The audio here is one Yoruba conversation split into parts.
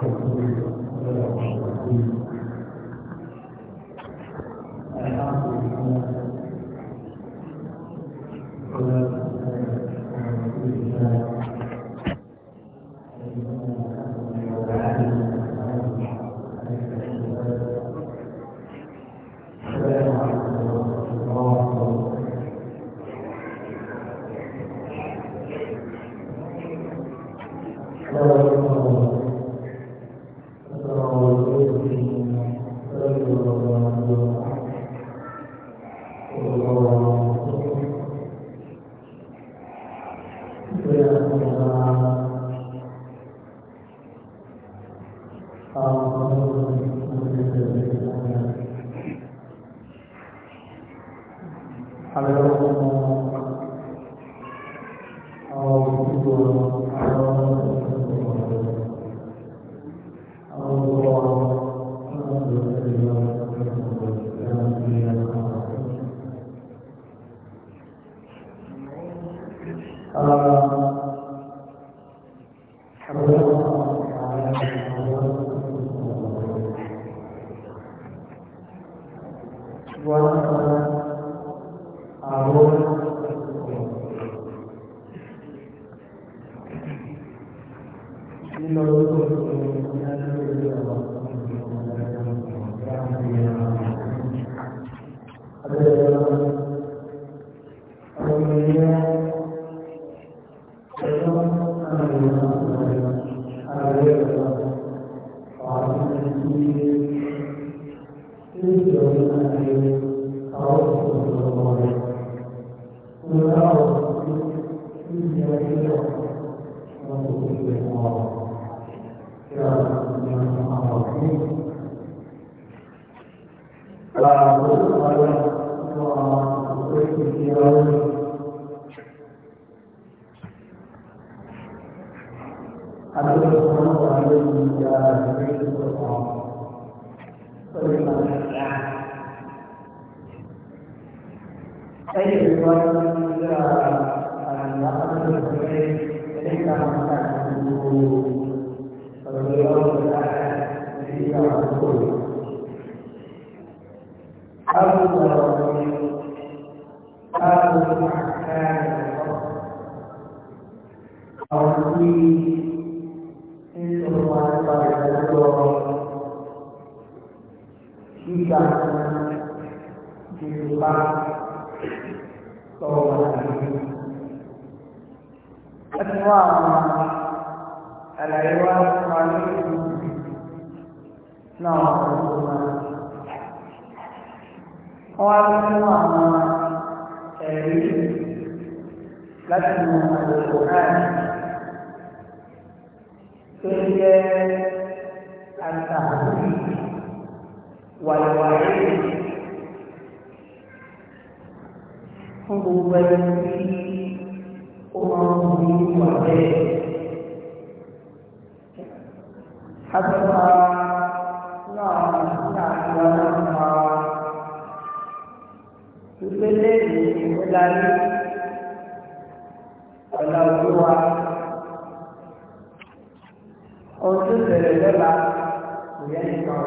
Thank you. àwọn gíga Yorùbá sọ̀rọ̀ àlàyé. Ẹ ti wá àwọn àlàyé wá wá ní ìlú náà ọ̀rọ̀ Wọ́n wá nínú àwọn ẹ̀rí láti mú àlòkò náà tó ń jẹ́ ọ bụ owere elirụmụụuaudederiearịe aoduere aa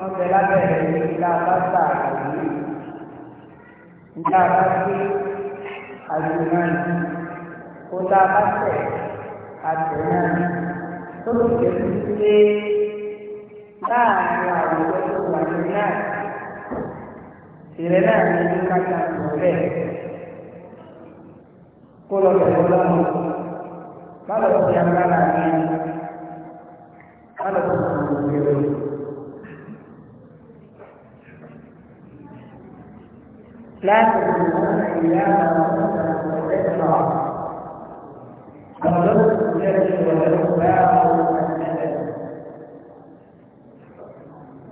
wọ́n bẹ lábẹ́rẹ́ ní ìlà bàtà àgbè ìlà bàtà àgbè náà kó tá a bá tẹ̀ àgbè náà tó lè jẹ́ pípé láàárín àwùjọ tó wà ní náà ìrẹ́ náà ní ní kájà ìrọ̀lẹ́ kó lọ bẹ̀rẹ̀ lọ́wọ́ bá lọ sí agbára ní bá lọ sí ìrọ̀lẹ́. لا تكونون إلا ما قالوا جل وعلا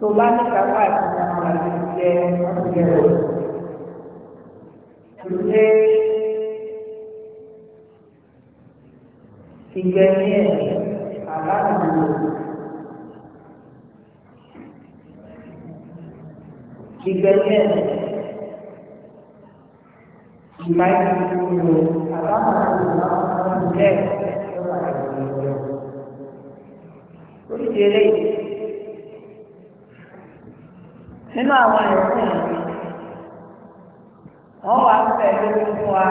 tó bá ní kápá àti àwọn àlejò jẹ ọ̀rọ̀ ṣe ìgbẹ́ni ẹ̀ àbáàmì ìgbẹ́ni ẹ̀. invite you to nínú àwọn ẹ̀sìn wọn wà fẹ́ lórí fún wa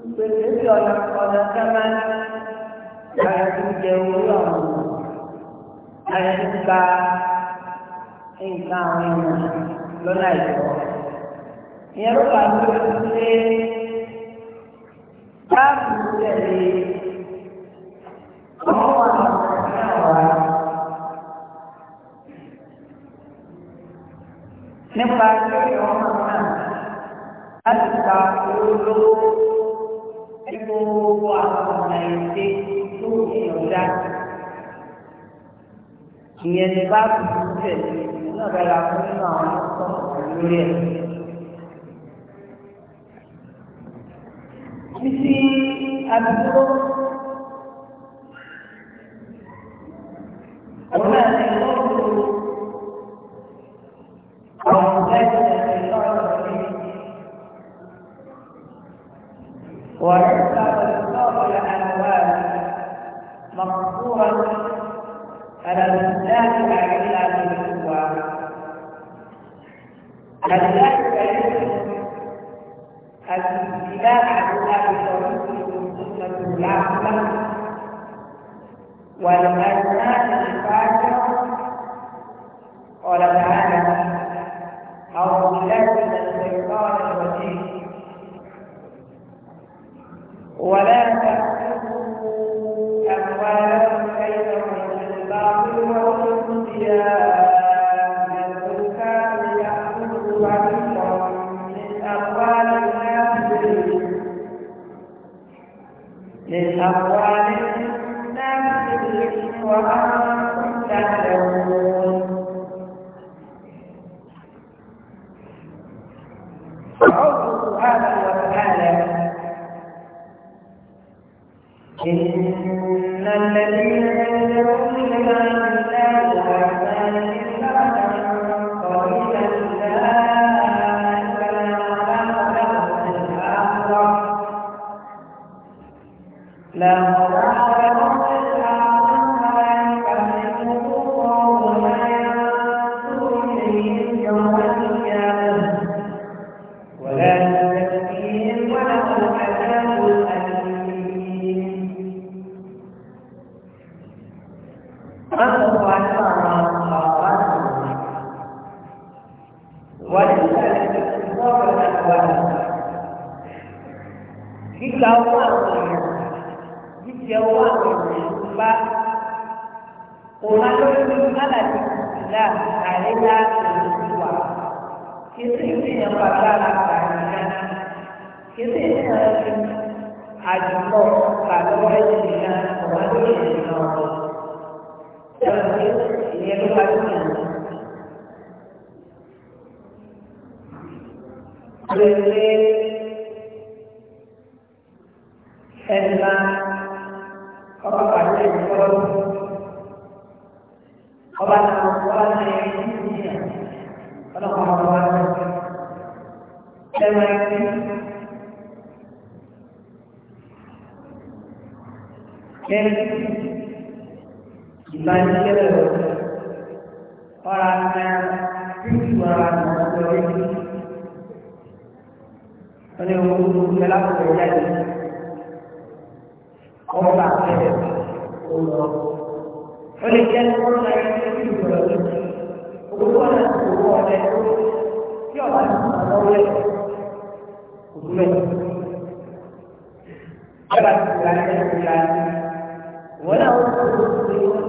ọ̀nà ọ̀nà láyé tó jẹ ọ̀hún láyé tó gba nǹkan àwọn lọ́nà ìyẹn ló bá tó ṣe káàkiri tẹ̀lé ọmọ wa náà wá. nípa pé ọmọ náà láti pa olówó ní gbogbo àwọn ọ̀nà ìdè tó ìyọ̀dá. ìyẹn ni bá tẹ̀lé náà bẹ̀rẹ̀ àwọn nínú àwọn ọmọ lórí ẹ̀. títí àdúgbò ولم gbígba owó àwọn èèyàn jíjẹ owó àwọn èèyàn ń bá òun alóyún alàdé ìlà àríyá ìlúwà kìsì ìsìnyẹn pàtàkì àríyá kìsì ìsìnyẹn àjùmọ̀ pàtàkì ìsìnyẹn ọ̀wá lórí ìsìnyẹn ọ̀rọ̀ ìsìnyẹn ìyẹn ló wá sí ìyẹn. Thank ọba náà ọba náà yẹ kí ní ìyá ọlọ́kọ̀ ọba náà lẹ́wọ̀n ẹ̀kí. Kẹ́lí ìbánisẹ́ lọ́wọ́ ọ̀rá náà fífi ọ̀rá náà lọ́wọ́ ẹ̀kí. Wọ́n ní owó gbogbo ẹlẹ́kọ̀ọ́ jáde. ẹlẹ́nu wọn náà yẹ kí ní ìgbọ̀lọ̀ lónìí. Òkúkọ náà kò wọ ọ̀rẹ́ tó tí ọ̀bá ti sọ̀rọ̀ lọ́wọ́ ẹ̀ kò tó lẹ̀. Ọba ti gba ẹ̀ ti gba ẹ̀ wọ́n náà wọ́n kò tó lè wọ́n.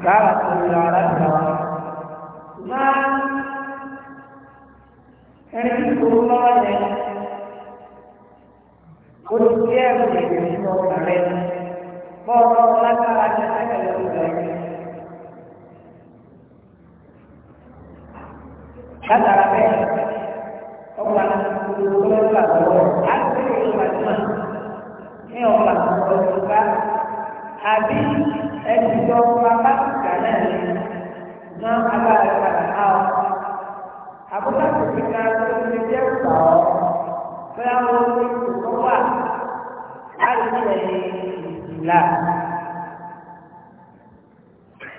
Gbàrà tó ń lọ ara ti bọ́ọ̀lù ọlágbára jẹ́ ẹgbẹ̀rún ìgbẹ̀rún. Látara bẹ́ẹ̀, ọgbà olùkọ́ lọ́wọ́ àgbọ̀wọ́, á ti rí ìgbàdúrà ní ọgbà olùkọ́ àbí ẹni tó wá bá ìgbà náà ní ná agbára ìgbàdà náà ọ. Àbúrò kò fi ká tó ti jẹ́ ìgbà ọ́, bẹ́ẹ̀ wọ́n ti kò wá ṣẹ̀yìn là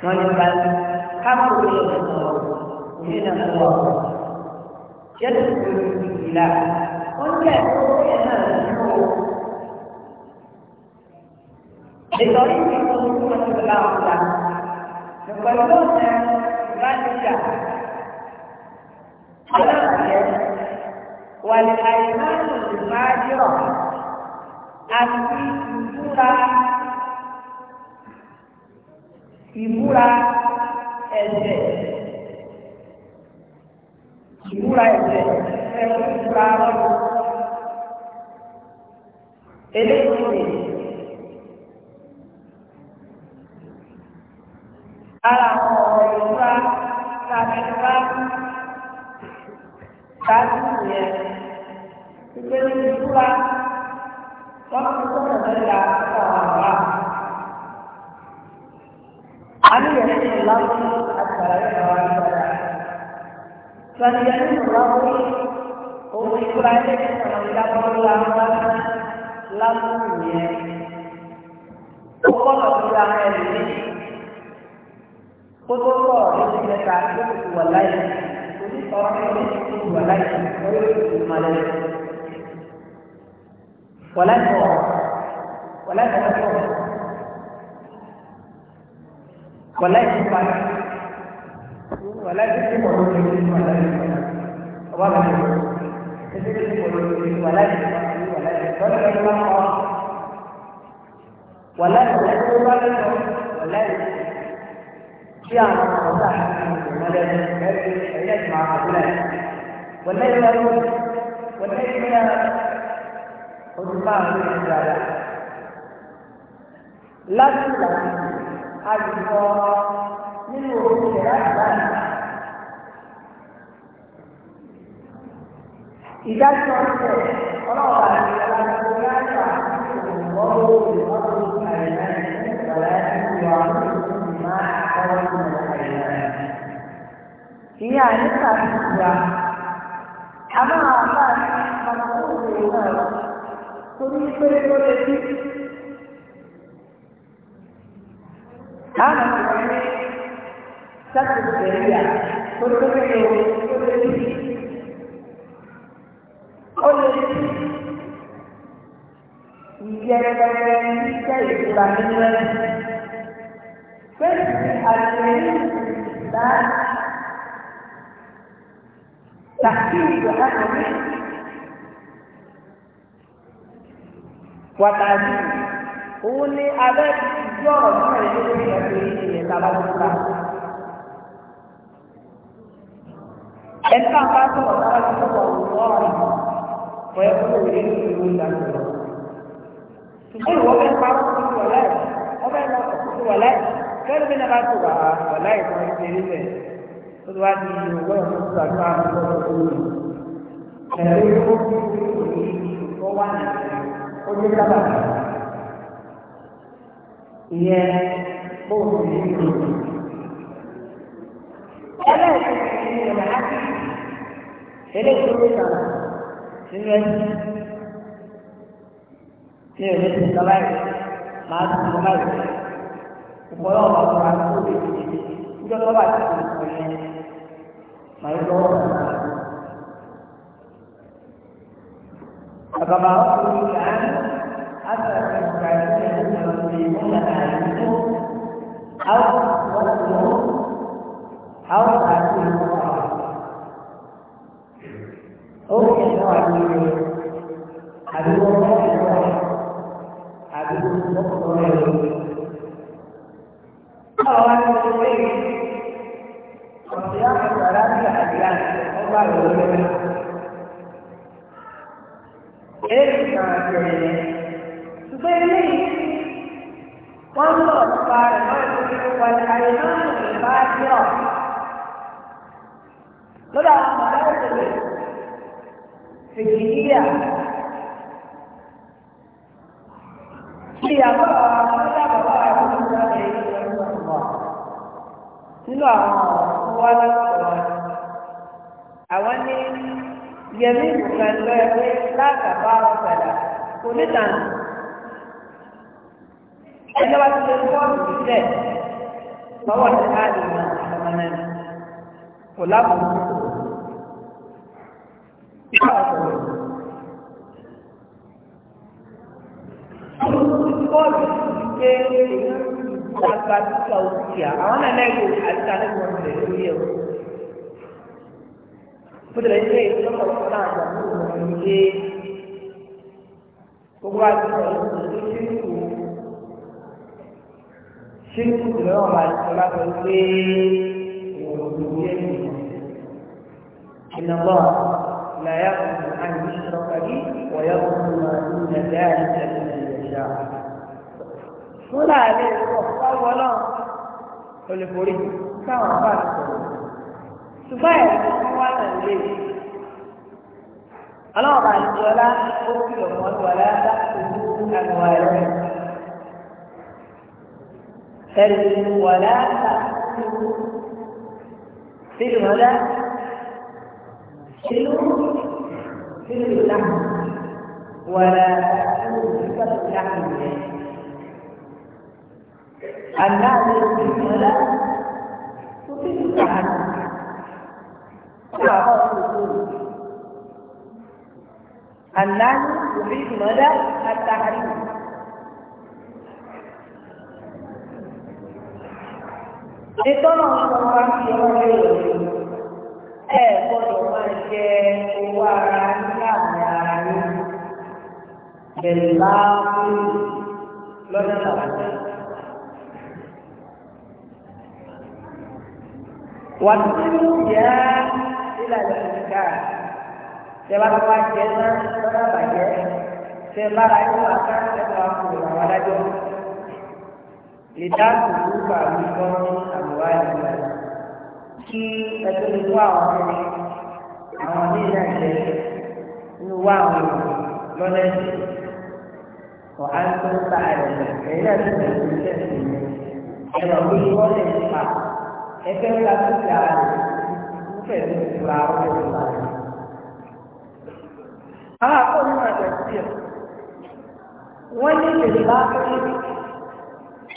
wọ́n ní bá kápò lọ sọ̀rọ̀ òní náà lọ jẹ́tù tó ní ìlà wọ́n jẹ́ ẹ̀ náà lọ́wọ́. Ìtọ́jú ti tó ń fún ọdún láwùjá. Ìpẹ̀lú ọ̀sẹ̀ bá ti jà. Ọlọ́ọ̀sẹ̀ wà ní àyè máa ń lò ní máa dírọ̀ àti ìdúrà ìmúra ẹ̀jẹ̀ ìmúra ẹ̀jẹ̀ ẹ̀rọ ìmúra ọ̀rọ̀ eléyìí ara ọ̀rọ̀ ìmúra tàbíká tàbí ìyẹn ìgbésí ìmúra wọ́n ti kọ́ ọ̀rọ̀ ìlà àwọn. علي اللغو حتى لا يقرأ الصلاة فليحل اللغو هو يقول عليك اللغو اللغو لغو وقال في العالم قل الله الذي تعبده والليل قل الله والليل ويؤتي الملائكة ولا تقرأ ولا تقرأ wàláì ti padà wàláì ti ti pọ̀lọ́ ní ìlú wàláì ti padà ọba mi lọ ẹsẹ̀ ti ti pọ̀lọ́ ní ìlú wàláì ti padà ní wàláì ti padà lọ́dọ̀ ẹni máa kọ́ wàláì ti padà lọ́dọ̀ ẹni máa kọ́ wàláì ti tí àwọn ọ̀dà ìmọ̀lẹ́ ẹ̀yẹ́ ti máa kọ́ láì wàláì ti padà wàláì ti padà o ti máa ń lè ṣe dáadáa láti ìlànà àlùkò nínú oṣù àgbáyé. ìdájọ́ ọ̀sẹ̀ ọlọ́wọ́ àti ìlànà ìlànà ìwọ̀n òòlù ọ̀sùn àìlẹ́ ìpàlẹ́ ìwà ìmọ̀ àkọ́wọ́sùn àìlẹ́. ìyá àyíká ti gbà àmọ́ àwọn àbá àti ọmọkùnrin náà torí pé ó lè dé àwọn ọmọdé sáàtì nàìjíríà tó tó lè lò ó lè lò ó lè lò ìyẹ̀rẹ̀ iṣẹ́ ìtura nínú ẹ̀ fẹ́ẹ̀sì àgbẹ̀rẹ̀ ìgbà tàbí ìgbà àgbẹ̀rẹ̀ wàtàbí òun ni abẹ́ẹ̀kì tí ọ̀rọ̀ náà lè lórí ẹ̀sìn ìyẹn tàbá ti gbà. ẹ̀ka bá sọ̀rọ̀ tàbá ti sọ̀rọ̀ lọ́rọ̀ kò ẹ kúrò ní ìlú ìdájọ́ lọ. ṣùgbọ́n ìwọ bẹ́ẹ̀ pa kúrò wọlé wọ́n bẹ́ẹ̀ lọ kúrò wọlé kẹ́lẹ́ bí nàbà tó wà wọlé ìwọ̀n ìṣeré bẹ̀ tó ti wá di ìwọ̀n ìṣòro àti àwọn ọmọ ọmọ ọmọ ìyẹn bóòlù ní ìlú. ẹlẹ́ẹ̀kejì ni ìrìn àjò eléyìí tó sọ̀rọ̀ nínú ẹ̀sìn ní ìrìn àjò ìjọba yìí máa tún ìjọba yìí ìpọ́nlọ́ ọ̀gá ọ̀gá tó lè fi ìjọ tó bá ti sọ̀rọ̀ ìpọ̀ yẹn máa ń lọ́wọ́ ọ̀gá. Agaba ọkùnrin kan أكثر من كائنين يسلمون عليكم أو وصلوا أو أكلوا أو يشربوا أبيهم يشربوا أبيهم يشربوا Thank you pé wọ́n ń lọ pa ẹ̀rọ ìdílé wọlé ayé náà ìbá yọ. lọ́dọ̀ àwọn ọmọdé òṣèlú èyíyà ìyàwó nínú àwọn ọ̀rọ̀ wọn lọ́sọ̀rọ̀ àwọn ní yẹmí ìgbàgbọ́ ẹgbẹ́ lágàbá ọ̀gbàdà onítàǹtì ẹjọ́ bá ti lè fọ́ọ̀mù sílẹ̀ lọ́wọ́ ní káàdì náà ọmọ náà kò lábùú bọ́ọ̀lù pé àgbà títà òkè àwọn náà lẹ́yìn àti àlẹ́gbọ̀n rẹ̀ lórí ẹ̀ o. Bódìlẹ̀ ilé ṣé kí ìlú náà máa ṣe láti pé ìròyìn yé mi ìnáwó làyà kùnú àyè ìṣọ̀kàlì wọ̀yà kùnú máa ń nàdá àyè ìṣẹ̀lẹ̀ fúnra rẹ̀ pọ̀ fáwọn náà olùforí káwọn bá sọ̀rọ̀ ṣùgbọ́n ẹ̀rọ tó wà nàìjíríà yìí aláwọ̀ bá ó kìlọ̀ mọ́ ní wàlá dá òkú àwọn ẹ̀rọ ترجم ولا فيلم ولا فيلم فيلم اللحم ولا فكرة اللحم الناس فيلم ولا وفيلم اللحم الناس يريد ماذا؟ التحريم ìtọ́nà ọmọ wa fi ọmọ rẹ̀ lòdì ẹ gbọ́dọ̀ máa jẹ owó ara nígbà ara yín bẹ̀rẹ̀ láàbù lọ́dọ̀ làwọn. wàtúndínlù yá ìlànà ìka tẹ bá wá jẹ náà lọ́dọ̀ lára yín wà ká àwọn adájọ́ lè dá kùkú bàbí gbọ́n wáyé gbà kí ẹtọ́ lè kó àwọn ọmọ àwọn ọmọ ilé ẹ̀jẹ̀ inú wá àwọn ọmọ lọ́lẹ́ ọ̀ á tó ń ta ẹ̀rẹ̀ ẹ̀yìn náà tó ń tẹ̀sí tẹ̀sí ẹ̀rọ pé wọ́n lè pa ẹgbẹ́ ńlá tó ti àárẹ̀ nífẹ̀ẹ́ tó ti ra ọmọ ìlú àárẹ̀. àwọn akọ́ni máa tẹ̀sí ẹ̀ wọ́n ní ìdèlè bá péré.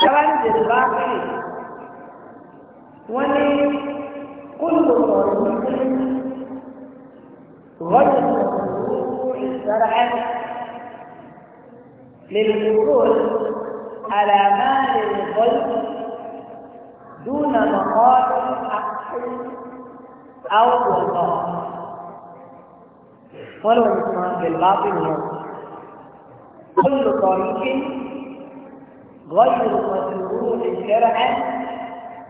Àwọn ìdèlè bá péré. ولكل طريق غير مشروع شرعا للحصول على مال القلب دون مقاصد حق او وقاع ولو الاسلام بالباطل كل طريق غير مشروع شرعا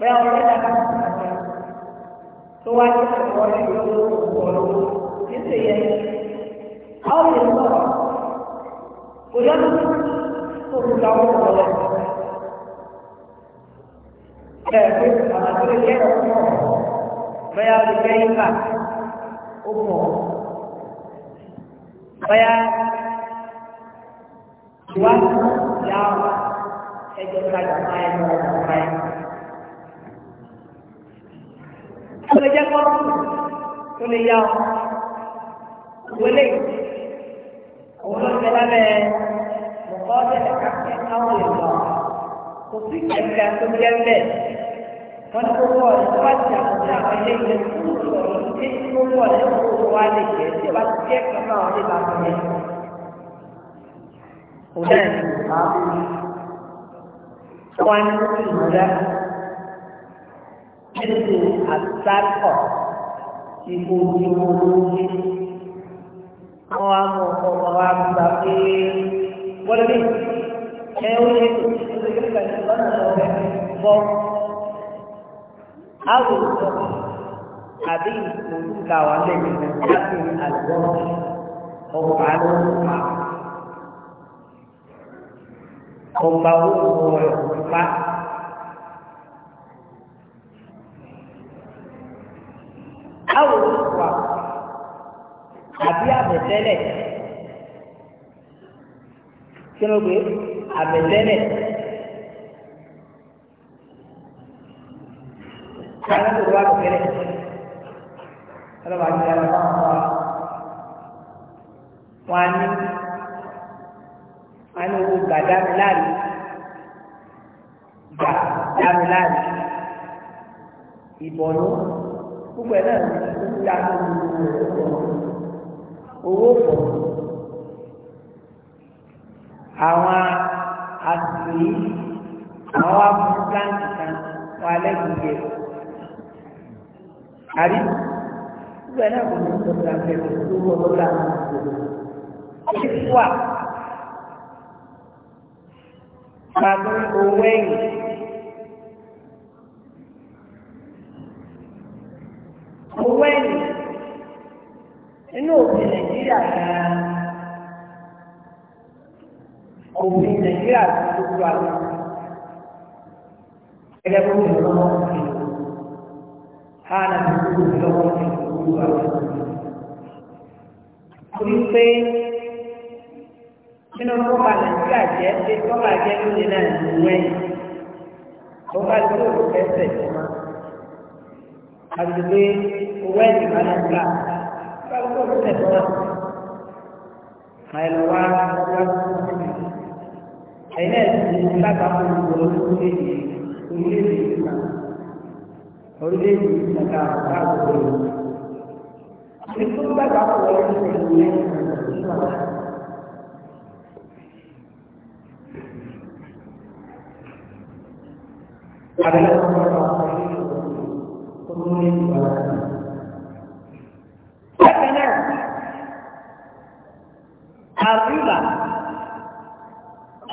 bẹ́ẹ̀ wọ́n lẹ́dà bá ti sàkà tó wá ní àwọn ìlú ọ̀rọ̀ títí yẹn àwọn ìlú ọ̀rọ̀ kò yọnu tó kù láwọn ọ̀rọ̀ bẹ́ẹ̀ pé àwọn àtúrò yẹn ọ̀rọ̀ bẹ́ẹ̀ wọ́n lè yí ó mọ̀ bẹ́ẹ̀ wá yà ẹ̀jẹ̀ ká yà máa ń báyìí. ó lè jẹ́ lè yá wọlé àwọn tó jẹ́ bẹ́ẹ̀ tó wọ̀ ti àkọsí àwọn ilé ìwé tó sọ̀rọ̀ ní tó wọ̀ ní owó wa lè jẹ́ tí wọ́n ti jẹ́ kan náà lè bá wọn yẹn. òun náà ní ìgbà wọn ẹ̀sìn àtàkọ̀ ìbò ìbò lórí. Àwọn àmọ̀ ọ̀pọ̀ wa gbà pé wọ́n lè ẹ ó lè tó ṣe kí nígbà tí wọ́n náà lọ́wọ́ bọ́. Àwòrán àbí òǹkà wà lẹ́yìn láti àgbọ̀ ọ̀pọ̀ àlọ́ ọ̀pá. Ọ̀pá wo wọ̀ ọ̀pá. àbẹ̀tẹ́lẹ̀ kí ló gbé àbẹ̀tẹ́lẹ̀ kálá tó wà lókèrè ọlọ́wà ní ẹ̀rọ náà wà wọ́n á ní wọ́n á ní owó gbàdá mi láàyè gbàdá mi láàyè ìbọ̀nú gbogbo náà ló ń dá lórí ìwé ẹ̀kọ́ owó pọ̀ àwọn àtìlí àwọn amúgbàǹtì kan wọn alẹ́ kìí jẹ àrí ìgbà náà kò ní í sọ̀rọ̀ tó wọ̀ lórí àwọn òṣèlú ó ti wà pàtó owó ẹ̀yìn. Owó ẹ̀yìn nínú òfin nàìjíríà gan-an òfin nàìjíríà tó gbogbo àwọn gẹ́gẹ́ bó ti lọ́wọ́ sí i ha na ti gbogbo lọ́wọ́ sí i gbogbo àwọn torí pé nínú kọ́ba nàìjíríà jẹ́ pé kọ́ba jẹ́ lóde náà ní wẹ́yìn kọ́ba tó lò fẹsẹ̀ jẹ́ máa àti pé owó ẹ̀dínwó náà gbà kálukú ló tẹ̀sán náà àìlọ́ wa wá ẹ̀yìn náà ti di lábàámu orílẹ̀-èdè orílẹ̀-èdè ìgbà orílẹ̀-èdè ìgbà káàkó ìlú. Ìlú lábàámu orílẹ̀-èdè ìgbà káàkó ìlú. adalah orang-orang yang penulis àríwá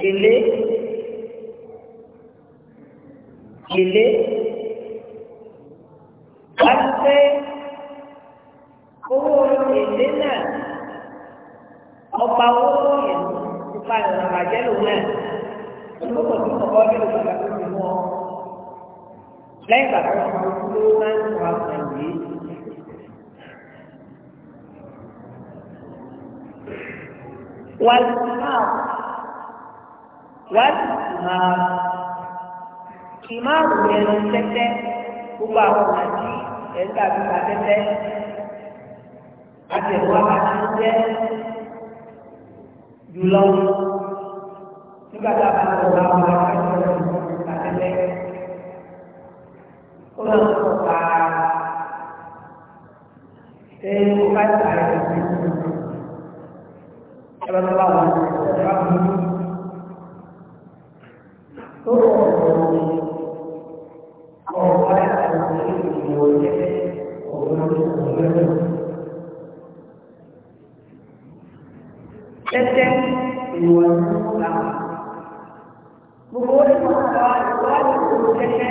èlé èlé láti pé owó èlé náà ọba owó yẹn nípa ìrìn àbàjẹ́ lòun náà olóko tí kò kọ́ nínú bàbá tó ti mú ọ lẹ́yìn bàbá tó ti mú ló máa ń wà pẹ̀lú yìí. والحمار والحمار ìmáàmù yẹn ló ń tẹ́tẹ́ gbogbo àwọn ọ̀nà tí ẹ̀ ń tàbí ta tẹ́tẹ́ àtẹ̀wọ́ àti jẹ́ jùlọ nígbà tá a bá lọ bá wọn láti ọ̀rọ̀ ta tẹ́tẹ́ ó lọ sọ̀rọ̀ pa ṣé ó bá ta ẹ̀ lọ́wọ́ ẹlọ́tọ́lá wọn ẹ̀ka mú tó kọ̀ ọ̀rọ̀ àwọn ọ̀rẹ́ àti àwọn ìgbìmọ̀ jẹ́ ọ̀rọ̀ ìgbìmọ̀ tẹ́tẹ́ ìwọ̀n ìgbìmọ̀ gbogbo ó ní wọ́n sọ àwọn ìwádìí tó tẹ́tẹ́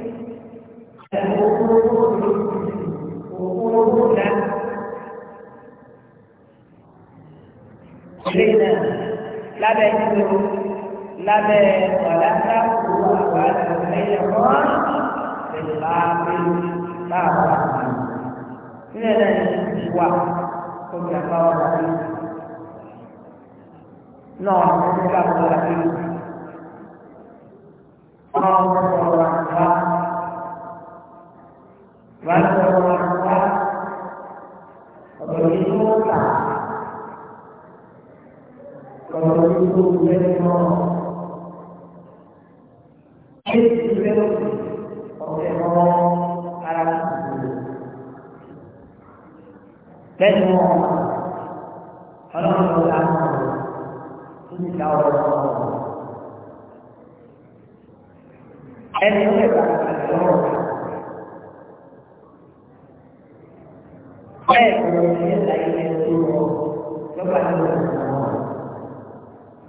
وقولنا إلينا لا بيتنا لا بيت ولا تقوى ولا تبيعون بالباطل لا إلينا الإخوة كم يقول نعم كم يقول نعم Bantu orang tua begitu tak? Kalau itu dia mau itu dia mau arah dulu. Dan mau kalau orang pun jauh orang. Eh, ini lọ́gbà nígbà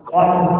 tó ń bọ̀.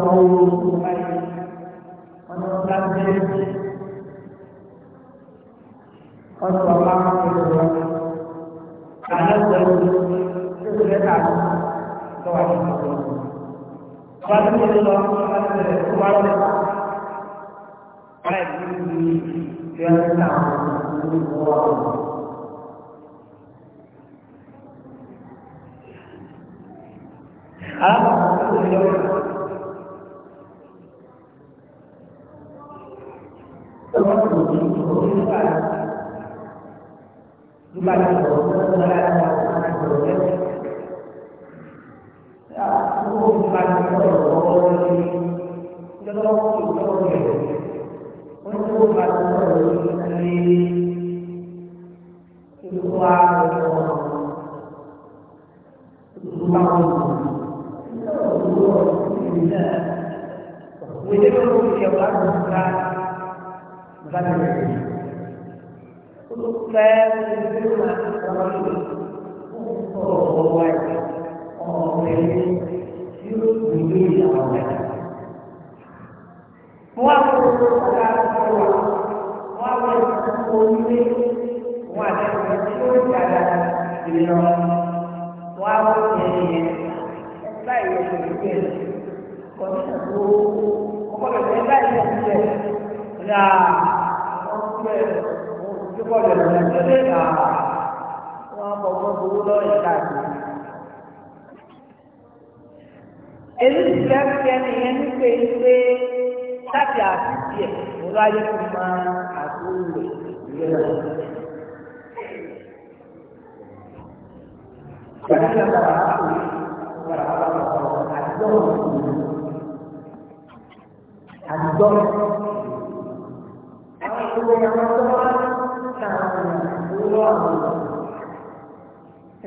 tahu menemukan diri Rasulullah kedua karena dari kesulitan doa itu Kuali itu doa kuali kuali ini dia tahu kiri lọ wá wọ ìyẹn yẹn báyìí yẹn kò ní bẹ́ẹ̀ kọ́míṣà tó ọkọ bẹ̀rẹ̀ ẹ báyìí yẹn ti bẹ̀ ọ̀dà ọ̀pẹ ìdúpọ̀ bẹ̀rẹ̀ lọ́dẹ̀ lọ́dẹ̀ à wọ́n bọ̀ wọ́n gbowó lọ́rẹ̀ káàkiri. èyí ti fẹ́ fi ẹni yẹn ní pé pé láti àtúntì ẹ̀ mo lọ ayé máa àtúntò rẹ̀ ìrẹ́lẹ̀. Jadi yang berapa? Berapa adon? Adon. Kalau sudah yang berapa? Tahun dua.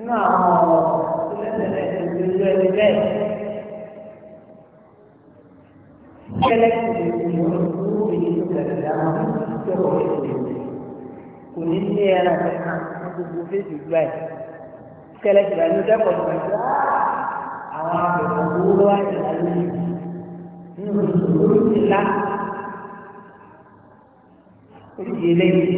Nah, sudah sudah sudah sudah. Seleksi itu itu dalam teroris. Kuning dia nak buku buku juga kẹlẹ́ ti rà ní kẹ́kọ̀ọ́ tó ń àwọn akẹ́kọ̀ọ́ owó ló wà ní ìlànà yìí nínú ìṣòro ti la ó ti yẹlé yìí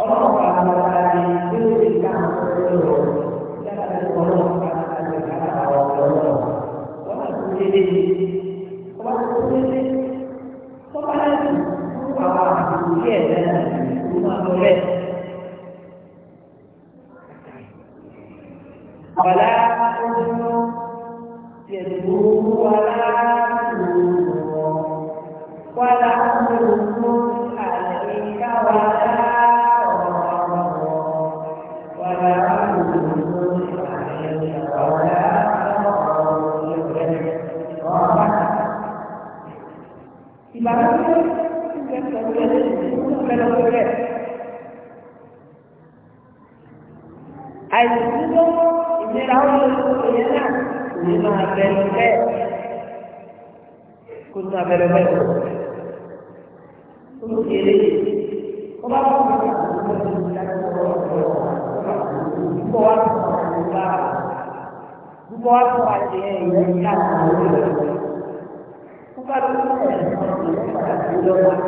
ọlọ́pàá àwọn ọ̀gá ni tí ó lè ká àwọn ọ̀rọ̀ rọ̀ yàrá ìwọ̀n náà ká àti ìkàrà àwọn ọ̀rọ̀ rọ̀ wọ́n á tún yẹlé yìí wọ́n á tún yẹlé wọ́n bá láti fún àwọn àbùkù yẹ̀ẹ́ náà ní ìlú máa lọ bẹ́ẹ̀. wàlá yẹ̀dù wàlá wàlá abẹ́rẹ́ bẹ́ẹ̀ kó nínú abẹ́rẹ́ bẹ́ẹ̀ kó nínú eré wọ́n bá wọ́n fún àwọn ọmọ ìlú láti wọ́n wọ́n wá fún àwọn ọmọ ìlú lára wọ́n wá fún àti ẹ̀ ìlú láti wọ́n wọ́n bá tó fún ẹ̀ ọ̀rọ̀ ìlú láti wọ́n wá.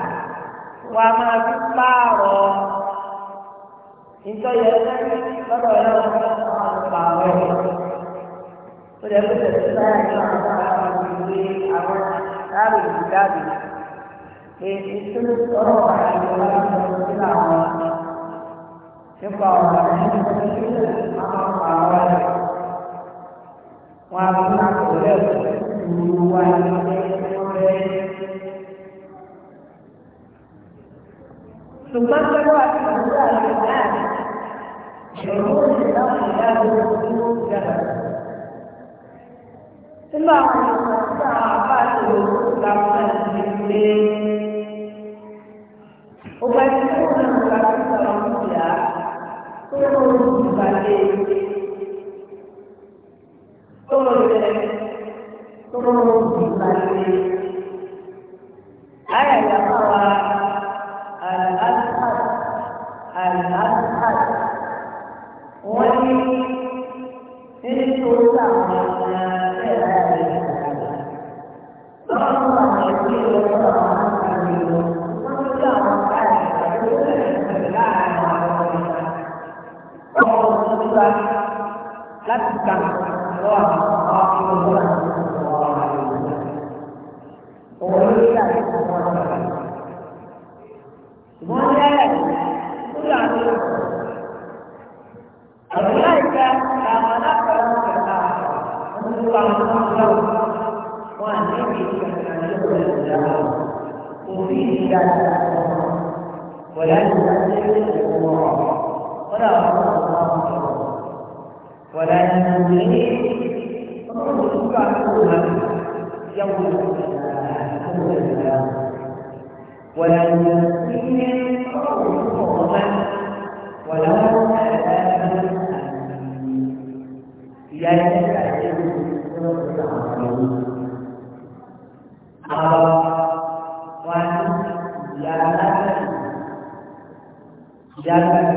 wà á máa fi pààrọ̀ ìjọ yẹn lọ́dọ̀ yẹn wọ́n máa pààrọ̀ ẹ̀ ó lè fi tẹ̀sí sáyà ní àwọn àwọn ìwé àwọn aráàlú ìdáàbò èyí tó lè sọ̀rọ̀ àwọn ìwé aláwọ̀ sí àwọn nípa ọ̀rọ̀ àti ìwé àwọn pààrọ̀ ẹ̀ wọ́n á fi máa kọ̀ lẹ́kọ̀ọ́ ìwúwo wáyé ní ọ̀rẹ́ المنطق المنطق الآن شعور الناس لا يمكنه جبل ثم أعطاه لعمل المسلمين وقد يكون المنطق الرمزية طول الجبلين طول طول الجبلين ya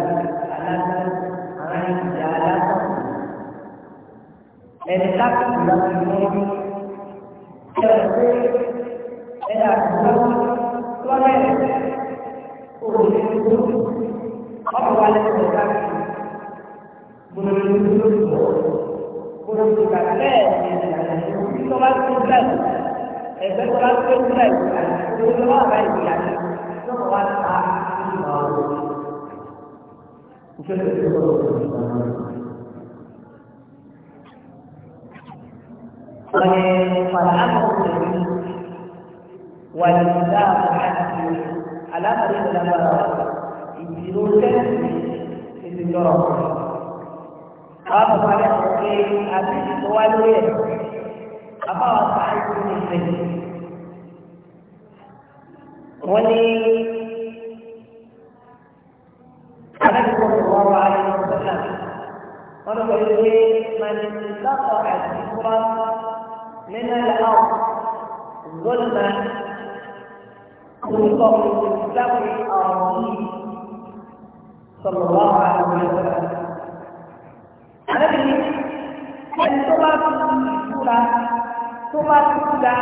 bá ti ń gba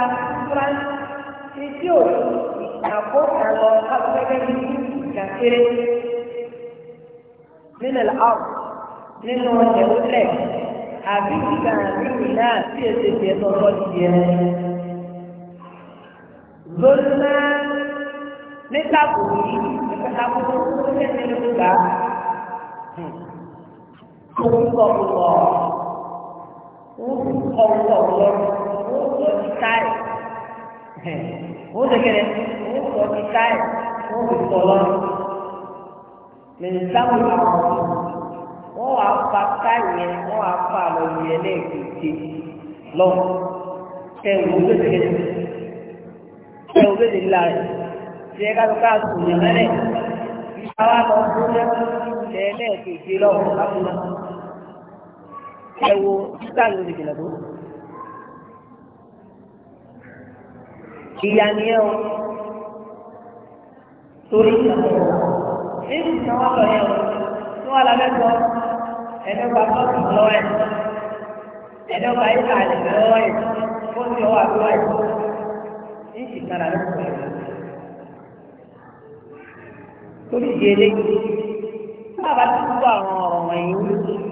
fúlá ṣe tí ò ìgbàgbọ́ àlọ́ afẹ́fẹ́ ní ìgbà kéré nínú àwọ̀ nínú ọ̀jẹ̀ òlẹ̀ àbí ìgbà àbíwì náà tí èsì ti ẹ̀ tọ́tọ́ ti yẹ. Zolima nígbà kò yí ìgbà kúrò tó ń tẹ̀lé nígbà kúrò kọ̀ọ̀kọ̀ wọ́n ọ̀pọ̀ lọ́rùn wọ́n sọ ní táyì wọ́n dẹ̀kẹ̀rẹ̀ wọ́n sọ ní táyì wọ́n fi sọ lọ́rùn lẹ́yìn táwọn àwọn wọ́n wà fa táyì yẹn wọ́n wà fa àlọ́ yẹn lẹ́ẹ̀kejì lọ́wọ́ tẹ ìwé gbèsè tẹ ìwé gbèsè ńlá rẹ̀ tẹ ká ló ká sùn yẹn mẹ́rẹ̀ ìgbà wa lọ fún lẹ́kùn tẹ lẹ́ẹ̀kejì lọ́wọ́ lábúlá ẹ wo sáàlù ló ti jìnnà tó. ìyá nìyẹn o torí ìyàwó nínú ìyàwó lọ yẹn o tí wọn la mẹtọ ẹdọgba tọọsì lọ ẹ ẹdọgba ìta àlè lọ ẹ fóònù ọwọ́ àbúrò ẹ ní ìsìnkàrà ló kọ ẹ torí ìdí eléyìí bá a bá ti kú àwọn ọ̀rọ̀ wọ̀nyí.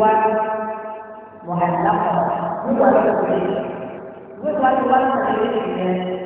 رواية معلقة هو الرواية هو الرواية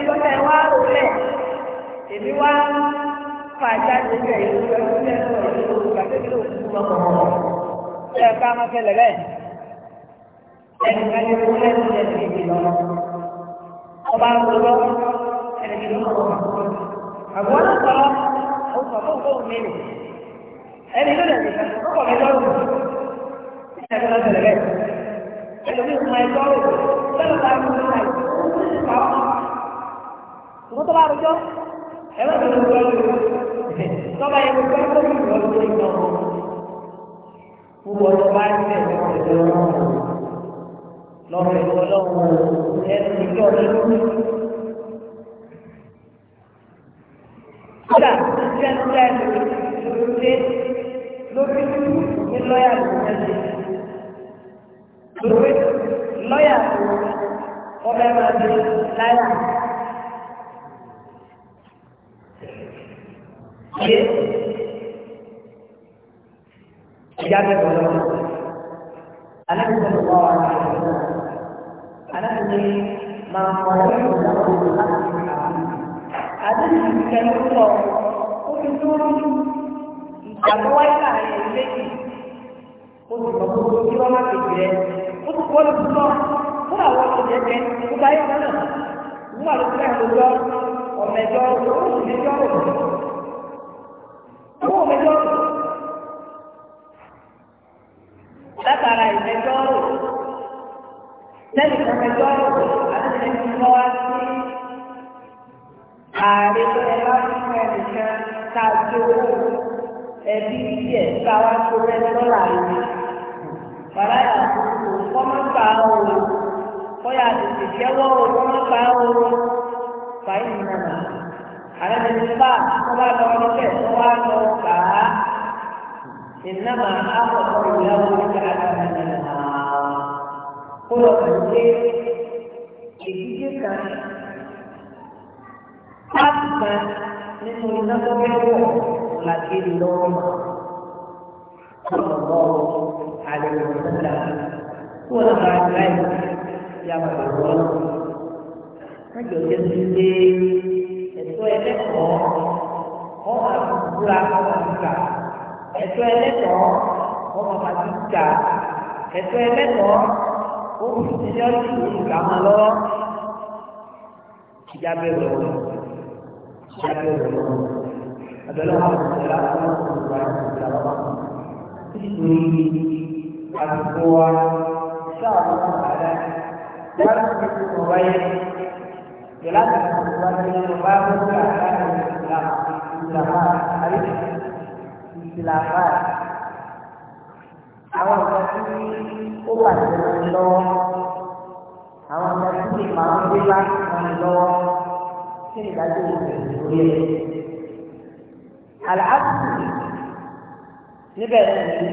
ẹjọ́ tẹ wá rọlẹ̀ èmi wá fà jáde tẹ ìlú ẹ̀rọ tẹ sọ̀rọ̀ nínú gbàgbé òkú lọ́kọ̀ọ́ ṣe ẹ̀ka máa fẹlẹ̀ bẹ́ẹ̀ ẹnì kan ní owó lẹ́nu lẹ́nu ìdí lọ́wọ́ ọba lọ́wọ́ ẹnì kan ní owó lọ́wọ́ àgọ́ lọ́sọ̀rọ̀ ó sọ fún òun mi nì ẹnì kan lẹ́nu ìfẹ́ ọkọ̀ mi lọ́rùn ẹnì kan lọ́sọ̀rẹ̀ bẹ́ẹ̀ ẹnì kan ní owó ẹ̀tọ́ rẹ̀ lọ́wọ́ ṣùgbọ́n tó bá rojọ́ ẹ má bẹ̀rẹ̀ lọ́wọ́ lọ́wọ́ tọ́ba yẹn kó fẹ́ kó bìbọ̀ lọ́wọ́ ìgbà wọn. Gbogbo ọ̀dọ́ bá ń bẹ̀ lọ́wọ́ lọ́wọ́ lọ́wọ́ ẹnu ìjọ lọ́wọ́. Kódà ṣé ń tẹ́ lórí lórí ní lọ́yà lórí lórí lọ́yà lórí ọmọ ẹ̀ máa di láyà. ṣe ẹ̀yà bẹ̀rẹ̀ lọ́wọ́ aláìsọ̀rọ̀ wà wà láti ṣe aláìsọ̀rọ̀ máa mọ̀ ọ́ ìgbà tó wù láti ṣe àdéhùn ìkẹyìn púpọ̀ ó fi tó rújú ìjàmbá wáyé láàrin ìlú méjì ó sì mọ̀ gbogbo kí wọ́n má kejì rẹ̀ o sì kọ́ lóṣù náà fún àwọn ọ̀sẹ̀ jẹ́ gbogbo ayé kan náà nígbà tó fẹ́ràn ìdájọ́ rò látara ìdájọ́ rò lẹ́yìn ìdájọ́ rò àti ẹni tó wá sí ààrẹ ẹ̀rọ ìfún ẹnìkan ká tó ẹbí díẹ̀ ká wá tó ẹni lọ́la rẹ̀ bàbá yà kó kọ́mọ́ta òru kọ́yà tètè jẹ́wọ́ òru kọ́mọ́ta òru fàyè nìyẹn náà àrẹ mi ti bá ọba lọ ọlọ́pẹ̀ ọba lọ kàá. إنما أخبر الله لك أكثر من الله قل أبوكي إذيك أبدا من مرنك بروح لكن نوم صلى الله عليه وسلم ولا بعد يا مرحبا Kajol yang sisi Itu yang dekho Kau harus pulang Kau harus pulang ẹ̀tọ́ ẹlẹ́tọ̀ọ́ wọ́n máa fa ti gbà ẹ̀tọ́ ẹlẹ́tọ̀ọ́ ó kù sí ní ọ̀sìn ìgbà máa lọ́wọ́ ìjà bẹ̀rẹ̀ lọ́wọ́ ìjà bẹ̀rẹ̀ lọ́wọ́ abẹ́lẹ́ wà lọ́wọ́ ìjà lọ́wọ́ ìjà lọ́wọ́ ìjà lọ́wọ́ nítorí àdúgbò wa sáà lọ́wọ́ àdá láti fi kúrò wáyé yọ̀lá kan wáyé lọ́wọ́ bá gbogbo àdá ìgbà ìgbà máa àríkì ìlànà àwọn nǹkan tí ó wà lórí lọ́wọ́ àwọn nǹkan tí lè máa ń gbé bá wọn lọ́wọ́ kí ni ìdájọ́ ìròyìn lórí ẹ̀. àlàáfíì níbẹ̀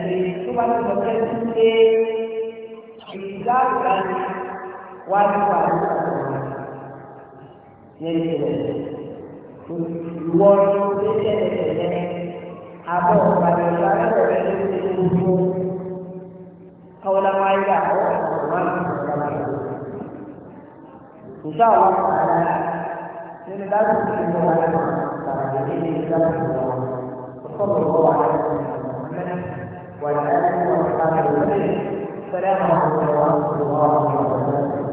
ni tó bá lọ́wọ́ kẹ́kẹ́ sí pé ìdáàbò kan wá ní wà ní ọ̀rọ̀ yẹn ní ìwọ́n tó tẹ́lẹ̀ tẹ́lẹ̀ àbọ̀ ìbàdàn ìbàdàn rẹ̀ ní ìlú kọ́wọ́láwá yà ó àwọn ìbàdàn rẹ̀. Ìṣọ́ àwọn ọ̀rẹ́ nínú láti fi ìlú wa lọ sàrẹ̀ ní ilé ìjọba ìjọba ọ̀sọ́nà ìwọ́ wa lọ wà ní ẹ̀rọ ìwọ̀n ìpàdé ìwọlé sẹ́lẹ̀ àwọn ọ̀rẹ́ wa lọ́wọ́ ọ̀rẹ́